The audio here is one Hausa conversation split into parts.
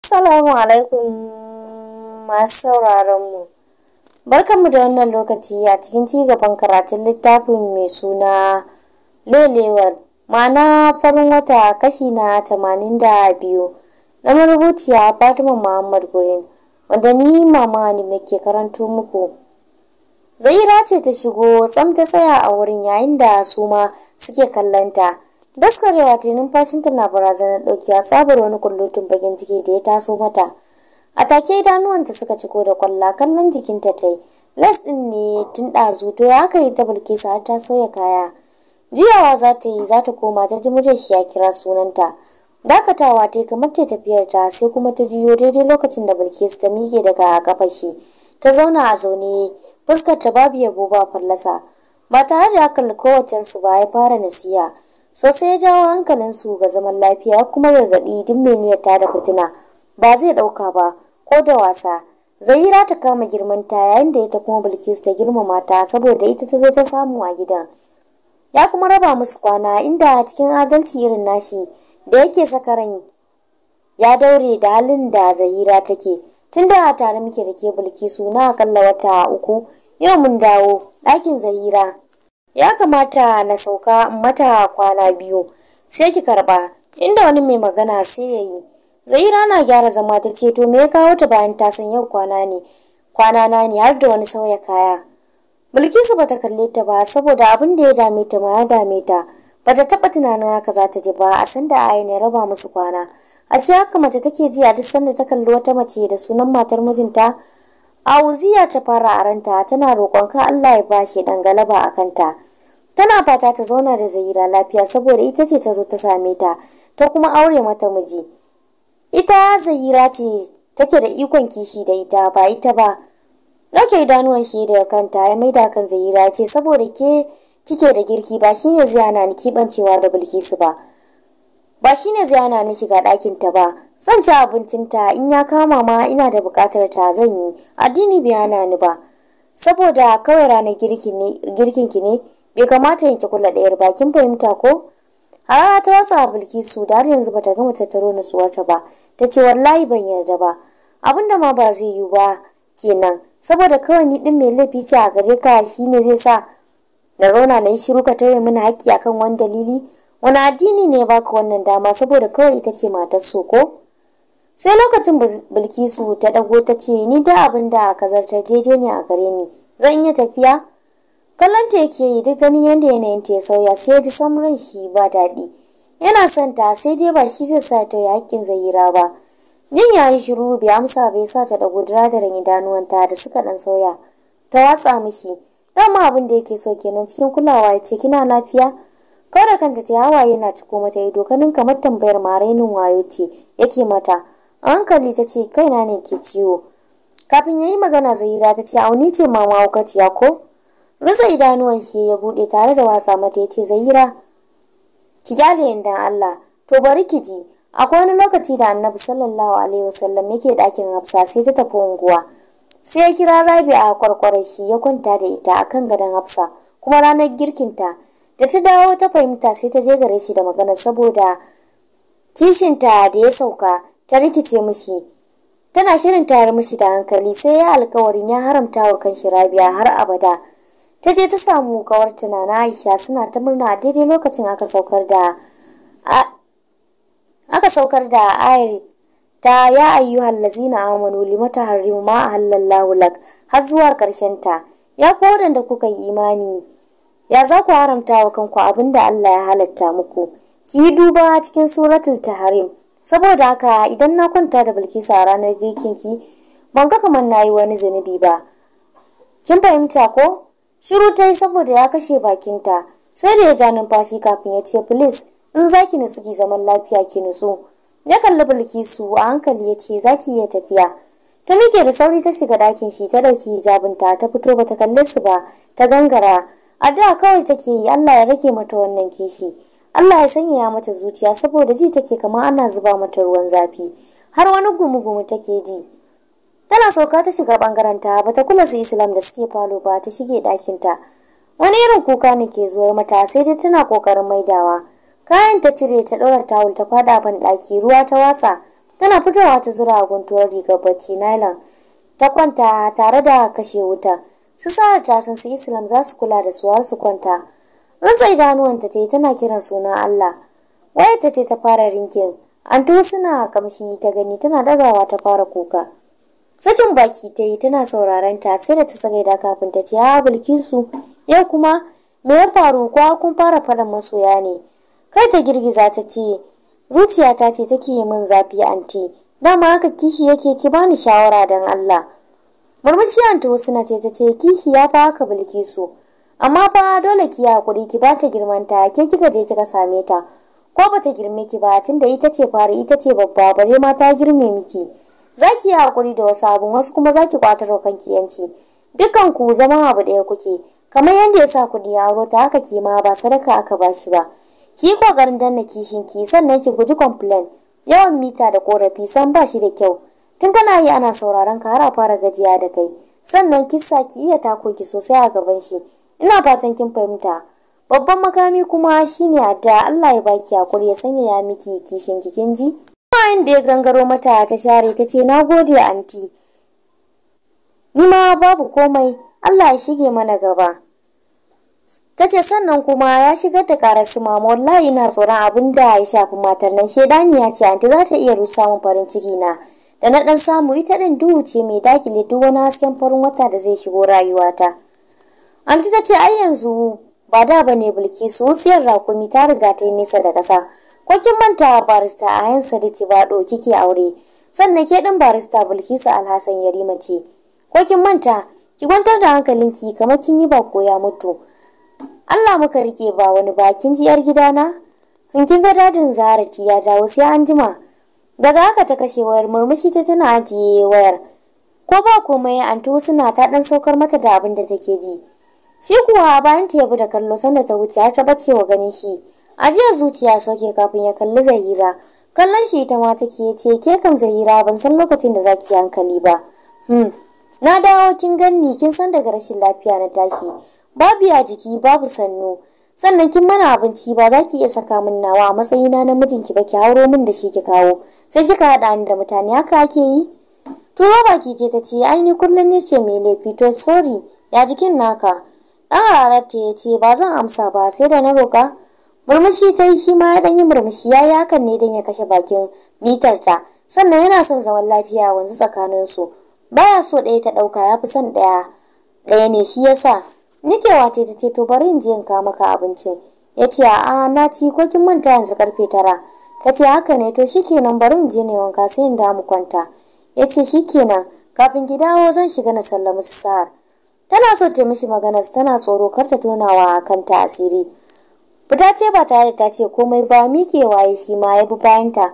Assalamu alaikum masu sauraronmu. Barkanmu da wannan lokaci a cikin cigaban karatun littafin mai suna Lelewar ma'ana farin wata kashi na tamanin da biyu na marubuciya Fatima Muhammad Gurin wanda ni mama ne muke karanto muku. Zaira ce ta shigo tsam ta tsaya a wurin yayin da su ma suke kallanta. daskarewa ta numfashinta na barazanar ɗauki a tsabar wani kullutun bakin ciki da ya taso mata a take idanuwanta suka ciko da kwalla kallon jikinta ta yi les ɗin ne tun ɗazu to ya aka yi ta bilkisu har ta sauya kaya juyawa za ta yi za ta koma ta ji muryar shi ya kira sunanta dakatawa ta yi kamar ta tafiyar ta sai kuma ta juyo daidai lokacin da bilkisu ta miƙe daga kafa shi ta zauna a zaune fuskar ta babu yabo ba fallasa ba tare da hakan kowacensu ba ya fara nasiya sosai ya jawo hankalin su ga zaman lafiya kuma gargaɗi duk mai niyyata da fitina ba zai ɗauka ba ko da wasa zahira ta kama girman ta yayin da ita kuma bilkis ta girmama ta saboda ita ta zo ta samu a gidan ya kuma raba musu kwana inda cikin adalci irin nashi da yake saka ran ya daure da halin da zahira take tunda tare muke da ke bilkisu na akalla wata uku yau mun dawo ɗakin zahira ya kamata na sauka mata kwana biyu sai ki karba inda wani mai magana sai ya yi zaira na gyara zama ta ce to me ya kawo ta bayan ta san yau kwana ne kwana na ne har da wani sauya kaya bilkisu bata kalle ta ba saboda abin da ya dame ta ma ya dame ta bata taba tunanin haka za ta ji ba a sanda a ayi ne raba musu kwana a ce haka mace take ji a duk sanda ta kalli wata mace da sunan matar mijinta Auziya ta fara a ranta tana roƙon ka Allah ya bashi dan galaba a kanta. Tana fata ta zauna da Zahira lafiya saboda ita ce ta zo ta same ta, ta kuma aure mata miji. Ita Zahira ce take da ikon kishi da ita ba ita ba. Ɗauke idanuwan shi da kanta ya maida kan Zahira ce saboda ke kike da girki ba shine zai hana ni kibancewa da Bilkisu ba. Ba shine zai hana ni shiga ɗakin ta ba. san ci abincin ta in ya kama ma ina da bukatar ta zan yi, addini bai hana ni ba. Saboda kawai ranar girkin ki ne, bai kamata yanke kula ɗayar bakin fahimta ko? Harara ta wasu a Bilkisu da har yanzu bata gama tattaro ta ba, ta ce wallahi ban yarda ba. Abin da ma ba zai yiwu ba kenan, saboda kawai ni din mai laifi ce a gare ka shi ne zai sa na zauna na yi shiru ka tare mini haƙƙi akan wani dalili. Wani addini ne ya baka wannan dama saboda kawai ita ce matar so ko? sai lokacin bilkisu ta ɗago ta ce ni da abin da ka zartar daidai ne a gare ni zan iya tafiya kallon ta yake yi duk ganin yadda yanayin ta ya sauya sai ya ji samurin shi ba daɗi yana son ta sai dai ba shi zai sa ta ya hakkin zahira ba jin ya yi shiru bai amsa bai sa ta dago ɗago idanuwan ta da suka ɗan sauya ta watsa mishi dama abin da yake so kenan cikin kulawa ya ce kina lafiya kawai da kanta ta yi, hawaye na ciko mata ido ganin kamar tambayar marainin wayo ce yake mata a hankali ta ce kaina ne ke ciwo kafin ya yi magana zahira ta ce auni ce mama hukaciya ko rutsa idanuwan shi ya bude tare da wasa mata ya ce zahira ki kyale yadda allah to bari ki ji akwai wani lokaci da annabi sallallahu alaihi wasallam yake dakin hafsa sai ta tafi unguwa sai ya kira rabi a kwarkwarar shi ya kwanta da ita akan gadon hafsa kuma ranar girkinta da ta dawo ta fahimta sai ta je gare shi da magana saboda kishinta da ya sauka ta rikice mishi tana shirin tayar mishi da hankali sai ya alkawarin ya haramta wa kanshi Rabi'a har abada ta je ta samu kawar tunana Aisha suna ta murna a daidai lokacin aka saukar da aka saukar da ayar ta ya ayyu lazina amanu limata harrimu ma ahallallahu lak har zuwa karshen ta ya ku waɗanda kuka yi imani ya za ku haramta wa kanku abin da Allah ya halatta muku ki yi duba cikin suratul tahrim saboda haka idan na kwanta da bilkisu a ranar girkin ki ban ga kamar na yi wani zunubi ba kin fahimta ko shiru ta yi saboda ya kashe bakinta sai da ya ja numfashi kafin ya ce filis in zaki nutsu ki zaman lafiya ki nutsu ya kalli bilkisu a hankali ya ce zaki iya tafiya ta mike da sauri ta shiga ɗakin shi ta ɗauki hijabinta ta fito ba ta kalli su ba ta gangara a da kawai take yi Allah ya rage mata wannan kishi Allah ya sanya mata zuciya saboda ji take kamar ana zuba mata ruwan zafi har wani gumugumu take ji tana sauka ta shiga bangaren ta bata kula su Islam da suke falo ba ta shige ɗakin ta wani irin kuka ne ke zuwar mata sai dai tana kokarin maidawa kayan ta cire ta ɗora tawul ta fada ban ɗaki ruwa ta wasa tana fitowa ta zura guntuwar rigar bacci nylon ta kwanta tare da kashe wuta su sa'ar ta sun su Islam za su kula da su har su kwanta Rutsa idanuwanta ta yi tana kiran sunan Allah. ta ce ta fara rinkin. Anto suna kamshi ta gani tana dagawa ta fara kuka. Sakin baki ta yi tana sauraron ta sai da ta sagaida kafin ta ce ya Bilkisu yau kuma me ya faru kwa kun fara faɗan masoya ne. Kai ta girgiza ta ce zuciya ta ce take yi min zafi anti dama haka kishi yake ki bani shawara don Allah. Murmushi anto suna ce ta ce kishi ya fa haka Bilkisu. amma ba dole ki hakuri ki ba ta girmanta ke kika je kika same ta ko ba ta girme ki ba tunda ita ce fara ita ce babba bare ma ta girme miki zaki ki yi hakuri da wasu abun wasu kuma za ki kanki yanci dukkan ku zama abu ɗaya kuke kamar yadda ya sa kuɗi ya ta haka ki ma ba sadaka aka ba shi ba ki yi ƙoƙarin danna kishin ki sannan ki guji complain yawan mita da korafi san ba shi da kyau tun kana yi ana sauraron ka har a fara gajiya da kai sannan kissa ki iya tako sosai a gaban shi ina fatan kin fahimta babban makami kuma shine adda Allah ya baki hakuri ya sanya ya miki kishin kikin ji bayan da ya gangaro mata ta share ta ce nagode anti ni ma babu komai Allah ya shige mana gaba ta ce sannan kuma ya shigar da karar su mama wallahi ina tsoron abin da ya shafi matar nan ya ce anti za ta iya rusa min farin ciki na da na dan samu ita din duhu ce mai dakile duk wani hasken farin wata da zai shigo rayuwata Anti ta ce ai yanzu ba da bane Bilkisu wutsiyar rakumi ta riga ta yi nesa da ƙasa. Ko kin manta barista a yan sadiki ba kike aure. Sannan ke din barista Bilkisu Alhassan Yarima ce. Ko kin manta ki kwantar da hankalinki kamar kin yi ba ya mutu. Allah muka rike ba wani bakin jiyar gidana. na? kin ga dadin Zarati ya dawo sai an jima. Daga haka ta kashe wayar murmushi ta tana ajiye wayar. Ko ba komai antu suna ta ɗan saukar mata da abin da take ji. Shi kuwa bayan ta yabu da kallo sanda ta wuce har ta bace wa ganin shi. A jiya zuciya sauke kafin ya kalli Zahira. Kallon shi ita ma take ya ce ke kam Zahira ban san lokacin da zaki hankali ba. Hmm. Na dawo kin ganni kin san daga rashin lafiya na tashi. Babu ya jiki babu sannu. Sannan kin mana abinci ba za ki iya saka min nawa a matsayina na mijinki ba ki hauro min da shi ki kawo. Sai kika haɗa ni da mutane haka ake yi? Turo baki ce ta ce ai ni kullum ne ce mai laifi to sorry ya jikin naka. ɗan ta ya ce ba zan amsa ba sai da na roka murmushi ta yi shi ma ya ɗan yi murmushi ya yi hakan ne don ya kashe bakin mitar ta sannan yana son zaman lafiya wanzu tsakanin su baya so ɗaya ta ɗauka ya fi son ɗaya ɗaya ne shi ya yasa nikewa ta ta ce to bari in je in kawo maka abincin ya ce a'a na ci ko kin manta yanzu karfe tara ta ce haka ne to shi kenan bari in je ne wanka sai in damu kwanta ya ce shi kenan kafin ki dawo zan shiga na sallami su sa'ar tana so ta mishi maganar tana tsoro kar ta tonawa kan tasiri fita ce ba tare da ta ce komai ba mike waye shi ma ya bi bayanta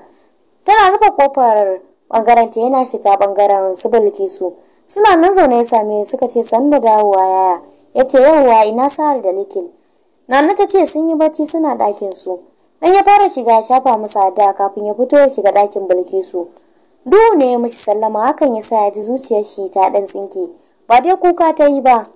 tana rufe kofar bangaren ta yana shiga bangaren su bilkisu suna nan zaune ya same suka ce san da dawowa yaya ya ce yauwa ina sa'ar da likil nana ta ce sun yi bacci suna ɗakin su dan ya fara shiga ya shafa musu adda kafin ya fito ya shiga ɗakin bilkisu duhu ne ya mishi sallama hakan ya sa ya ji zuciyar shi ta ɗan tsinke ba dai kuka ta yi ba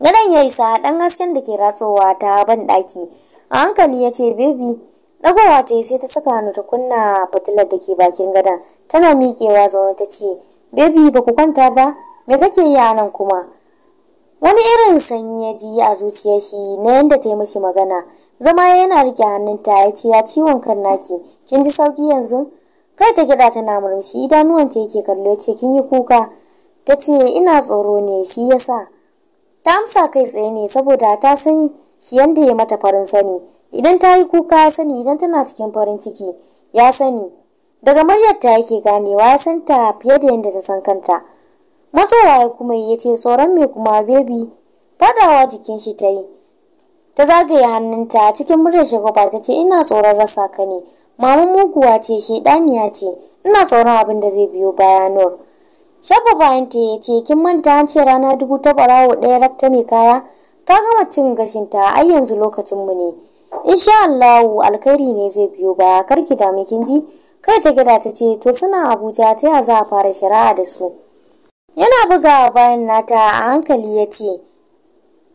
gadon ya isa ɗan hasken da ke ratsowa ta ban ɗaki a hankali ya ce bebi ɗagowa ta yi sai ta saka hannu ta kunna fitilar da ke bakin gadon tana miƙewa zaune ta ce bebi ba ku kwanta ba me kake yi a nan kuma wani irin sanyi ya ji a zuciyar shi na yadda ta yi mishi magana zama yana rike hannunta ya ce ya ciwon kan naki kin ji sauƙi yanzu kai ta gida tana murmushi idanuwanta yake kallo ya ce kin yi kuka ta ce ina tsoro ne shi ya sa ta amsa kai tsaye ne saboda ta san shi yanda ya mata farin sani idan ta yi kuka ya sani idan tana cikin farin ciki ya sani daga muryar ta yake ganewa ya san ta fiye da yadda ta san kanta matsowa ya kuma ya ce tsoron mai kuma bebi fadawa jikin shi ta yi ta zagaye hannunta cikin muryar shagaba ta ce ina tsoron rasa ka ne mamun muguwa ce shi ɗaniya ce ina tsoron abin da zai biyo baya shafa bayan ta ya ce kin manta an ce rana dubu ta barawo ɗaya rakta mai kaya ta gama cin gashinta a yanzu lokacin mu ne insha Allahu alkhairi ne zai biyo baya kar ki dami kin ji kai ta gida ta ce to suna Abuja ta ya za a fara shari'a da su yana buga bayan nata a hankali ya ce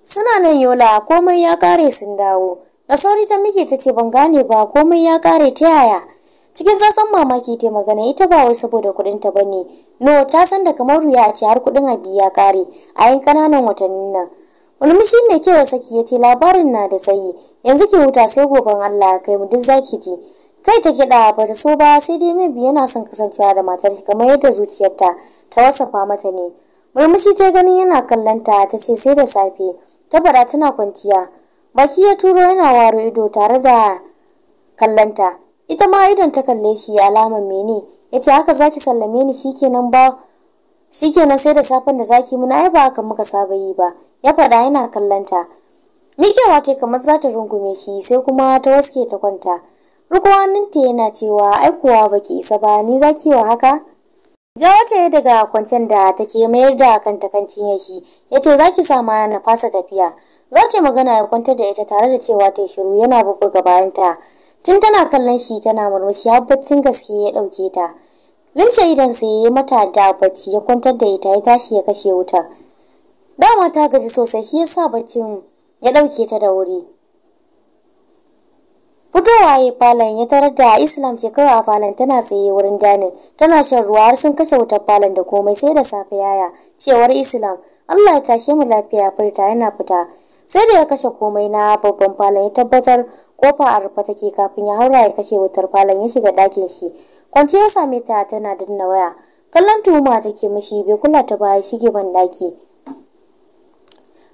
suna nan yola komai ya kare sun dawo da sauri ta muke ta ce ban gane ba komai ya kare ta yaya cikin zasan mamaki ta magana ita ba wai saboda kudin ta bane no ta san da kamar ruya a ce har kuɗin abi ya kare a yan kananan watannin nan murmushi mai kyau saki ya ce labarin na da tsayi yanzu ki huta sai goben Allah kai mu duk zaki ji kai ta kiɗa ba ta so ba sai dai mai yana son kasancewa da matar shi kamar yadda zuciyarta ta wasafa mata ne murmushi ta ganin yana kallanta ta ce sai da safe tabara tana kwanciya baki ya turo yana waro ido tare da kallanta. ita ma idan ta kalle shi ya alama mene yace haka zaki sallame ni shikenan ba shikenan sai da safan da zaki muna ai ba haka muka saba yi ba ya faɗa yana kallanta mike wace kamar za ta rungume shi sai kuma ta waske ta kwanta rukuwaninta yana cewa ai kuwa baki isa ba ni zaki wa haka jawo ta daga kwancen da take mayar da kanta kan cinye shi yace zaki sama na fasa tafiya za ta magana ya kwantar da ita tare da cewa ta shiru yana bubbuga bayanta tun tana kallon shi tana murmushi har baccin gaske ya ɗauke ta limshe idan sai ya mata da bacci ya kwantar da ita ya tashi ya kashe wuta dama ta gaji sosai shi yasa baccin ya ɗauke ta da wuri fitowa ya falon ya tarar da islam ce kawai a falon tana tsaye wurin danin tana shan ruwa har sun kashe wutar falon da komai sai da safe yaya cewar islam allah ya tashe mu lafiya furta yana fita sai da ya kashe komai na babban falon ya tabbatar kofa a rufe take kafin ya haura ya kashe wutar falon ya shiga ɗakin shi kwanci ya same ta tana danna waya kallon tuhuma take mishi bai kula ta baya shige ban ɗaki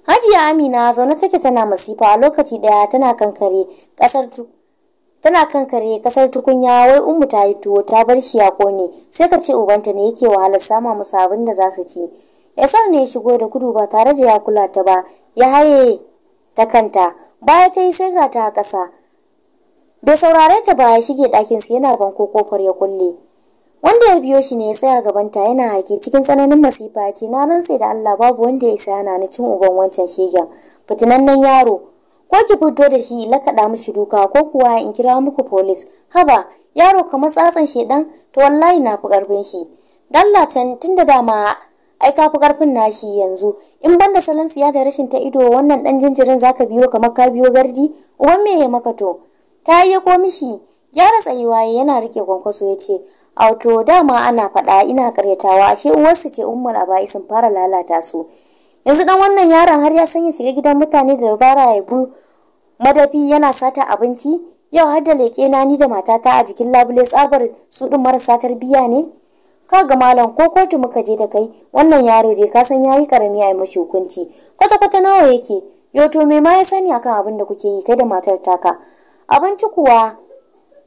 hajiya amina zaune take tana masifa a lokaci daya tana kankare ƙasar tana kankare kasar tukunya wai ummu ta yi tuwo ta bar shi ya kone sai ka ce ubanta ne yake wahalar sama musu abin da za su ci san ne shigo da kudu ba tare da ya kula ta ba ya haye ta kanta baya ta yi sai ga ta kasa. bai saurare ta ba ya shige su yana banko kofar ya kulle wanda ya biyo shi ne ya tsaya gaban ta yana hake cikin tsananin masifa ya ce na rantse da Allah babu wanda ya isa yana na cin uban wancan shegen fitinannen yaro ko ki fito da shi kaɗa mishi duka ko kuwa in kira muku polis haba yaro kamar tsatsan shedan to wallahi na fi ƙarfin shi dalla can tun da dama ai ka fi ƙarfin nashi yanzu in banda salon tsiya da rashin ta ido wannan ɗan jinjirin zaka biyo kamar ka biyo gardi uban me ya maka to ta iya ko mishi gyara tsayuwa yana rike kwankwaso ya ce auto dama ana faɗa ina karyatawa ashe uwarsu ce a bai sun fara lalata su yanzu dan wannan yaron har ya sanya shiga gidan mutane da dabara ya bu madafi yana sata abinci yau har da leƙe na ni da matata a jikin labule tsabar su ɗin marasa tarbiyya ne ka ga malam ko kotu muka je da kai wannan yaro dai ka san yayi karami a mashi hukunci kwata kwata nawa yake yau to me ma ya sani akan abin da kuke yi kai da matar taka abinci kuwa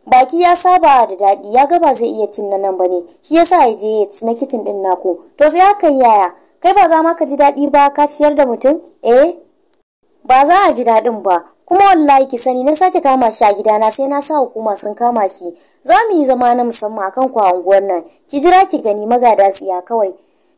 baki ya saba da daɗi ya gaba zai iya cin na nan ba ne, shi yasa ya je ya ci na kicin din naku to sai aka yi yaya kai ba za ma ka ji daɗi ba ka ciyar da mutum eh ba za a ji daɗin ba kuma wallahi ki sani na sake kama shi a gidana sai na sa hukuma sun kama shi za mu yi zama na musamman akan kwa unguwar nan ki jira ki gani magada tsiya kawai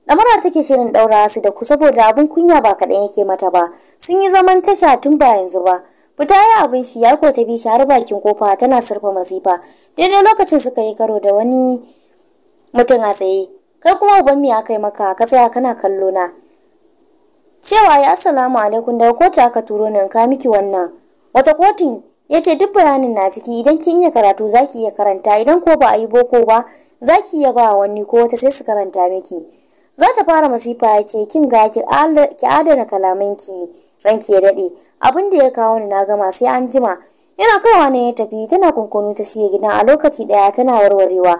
Damara take shirin ɗaura su da ku saboda abin kunya ba kaɗan yake mata ba sun yi zaman tasha tun ba yanzu ba Fita ya abin shi ya ko ta bi shi har bakin kofa tana surfa masifa Daidai lokacin suka yi karo da wani mutum a tsaye. Kai kuma uban mi aka yi maka ka tsaya kana kallo na. Cewa ya assalamu alaikum daga kotu aka turo nan ka miki wannan. Wata kotun ya ce duk bayanin na ciki idan kin iya karatu za ki iya karanta idan ko ba a yi boko ba za ki iya ba wani ko wata sai su karanta miki. Za ta fara masifa ya ce kin ga ki adana kalamanki. ki. ranki ya daɗe abin da ya kawo ni na gama sai an jima yana kaiwa ne ya tafi tana kunkunu ta shiga gidan a lokaci ɗaya tana warwarewa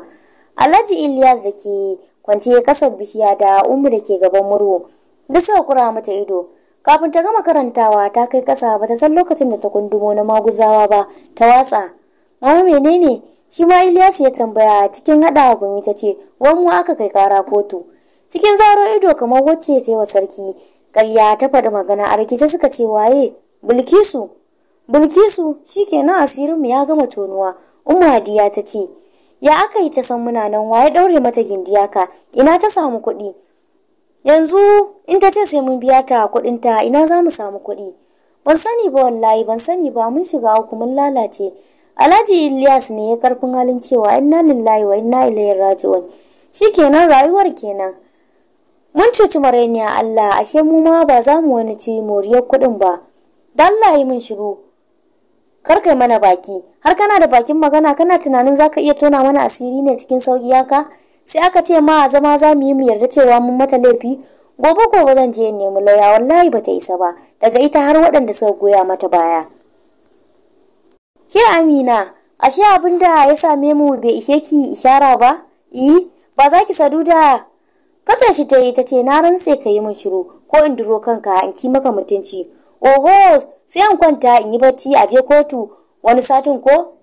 alhaji ilyas da ke kwanciye kasar bishiya da umu da ke gaban murwo da suka kura mata ido kafin ta gama karantawa ta kai kasa ba ta san lokacin da ta kundumo na maguzawa ba ta watsa mama menene shi ma ilyas ya tambaya cikin haɗa gumi ta ce wan mu aka kai kara kotu cikin zaro ido kamar wacce ta yi wa sarki ƙarya ta faɗi magana a rikice suka ce waye bilkisu bilkisu shikenan asirinmu ya gama tonuwa umma hadiya ta ce ya aka yi ta san muna nan waye ɗaure mata gindiya ka ina ta samu kuɗi yanzu in ta ce sai mun biya ta kuɗin ta ina za mu samu kuɗi ban sani ba wallahi ban sani ba mun shiga ku mun lalace alhaji ilyas ne ya karfin halin cewa inna lillahi wa inna ilaihi raji'un shikenan rayuwar kenan Mun cuci marainiya Allah, ashe mu ma ba za mu wani ci moriyar kuɗin ba. Da Allah yi mun shiru. Kar kai mana baki, har kana da bakin magana kana tunanin za ka iya tona mana asiri ne cikin sauƙi haka? Sai aka ce ma a zama za mu yi mu yarda cewa mun mata laifi. Gobe gobe zan je in nemi lauya wallahi bata isa ba, daga ita har waɗanda suka goya mata baya. Ke Amina, ashe abin da ya same mu bai ishe ki ishara ba? Eh, ba za ki sadu da Kasa shi ta yi ta ce na rantse ka yi min shiru ko in duro kanka in ci maka mutunci. Oho sai in kwanta in yi bacci a je kotu wani satin ko?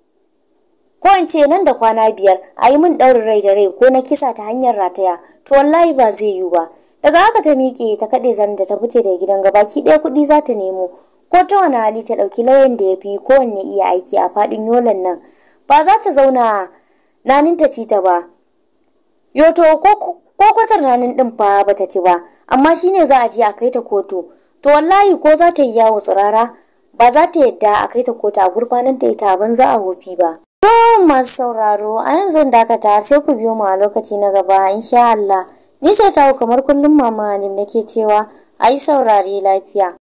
Ko in ce nan da kwana biyar a yi min ɗaurin rai da rai ko na kisa ta hanyar rataya to wallahi ba zai yiwu ba. Daga haka ta miƙe ta kaɗe zan da ta fice da gidan gaba ki ɗaya kuɗi za ta nemo ko ta wani hali ta ɗauki lauyan da ya fi kowanne iya aiki a faɗin yolan nan ba za ta zauna naninta ci ta ba. Yoto ko ko kwatar ranin din fa bata ci ba amma shine za a je a kai ta kotu to wallahi ko za ta yi yawo tsirara ba za ta yadda a kai ta kotu a gurfanar da ita ban za a hofi ba to masu sauraro a yanzu zan dakata sai ku biyo mu a lokaci na gaba insha Allah ni ce tawo kamar kullum mama ne nake cewa ai saurare lafiya